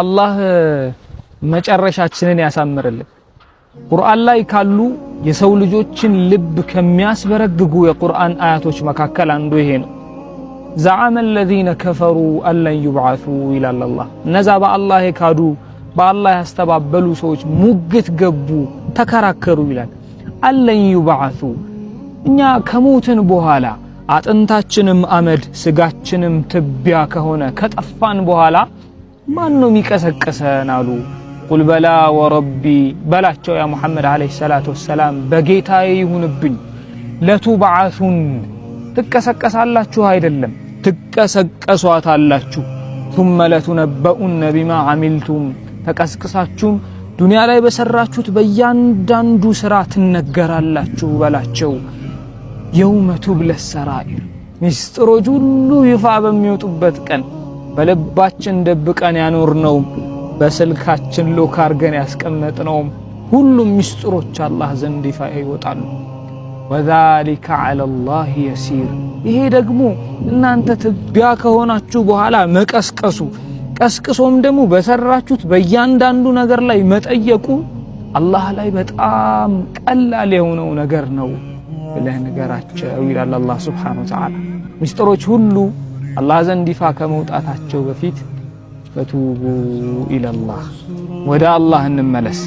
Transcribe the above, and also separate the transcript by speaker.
Speaker 1: አላህ መጨረሻችንን ያሳምርልን። ቁርአን ላይ ካሉ የሰው ልጆችን ልብ ከሚያስበረግጉ የቁርአን አያቶች መካከል አንዱ ይሄ ነው። ዘዓመ አለዚነ ከፈሩ አለን ዩብዓሱ ይላል አላህ። እነዛ በአላህ የካዱ በአላህ ያስተባበሉ ሰዎች ሙግት ገቡ፣ ተከራከሩ ይላል። አለን ዩብዓሱ እኛ ከሞትን በኋላ አጥንታችንም አመድ ስጋችንም ትቢያ ከሆነ ከጠፋን በኋላ ማን ነው የሚቀሰቅሰን አሉ። ቁል በላ ወረቢ በላቸው ያ ሙሐመድ ዓለይሂ ሰላቱ ወሰላም በጌታዬ ይሁንብኝ። ለቱብዓሱን ትቀሰቀሳላችሁ አይደለም ትቀሰቀሷታላችሁ። ቱመ ለቱነበኡነ ቢማ አሚልቱም ተቀስቅሳችሁም ዱንያ ላይ በሰራችሁት በእያንዳንዱ ስራ ትነገራላችሁ በላቸው። የውመቱ ቱብለ ሰራኢር ሚስጥሮች ሁሉ ይፋ በሚወጡበት ቀን በልባችን ደብቀን ያኖርነው በስልካችን ሎክ አርገን ያስቀመጥነው ሁሉም ምስጢሮች አላህ ዘንድ ይፋ ይወጣሉ። ወዛሊከ ዐለላህ የሲር። ይሄ ደግሞ እናንተ ትቢያ ከሆናችሁ በኋላ መቀስቀሱ ቀስቅሶም ደግሞ በሰራችሁት በእያንዳንዱ ነገር ላይ መጠየቁ አላህ ላይ በጣም ቀላል የሆነው ነገር ነው ብለህ ንገራቸው ይላል አላህ ሱብሓነሁ ወተዓላ ምስጢሮች ሁሉ አላህ ዘንድ ይፋ ከመውጣታቸው በፊት ፈቱቡ ኢለላህ ወደ አላህ እንመለስ።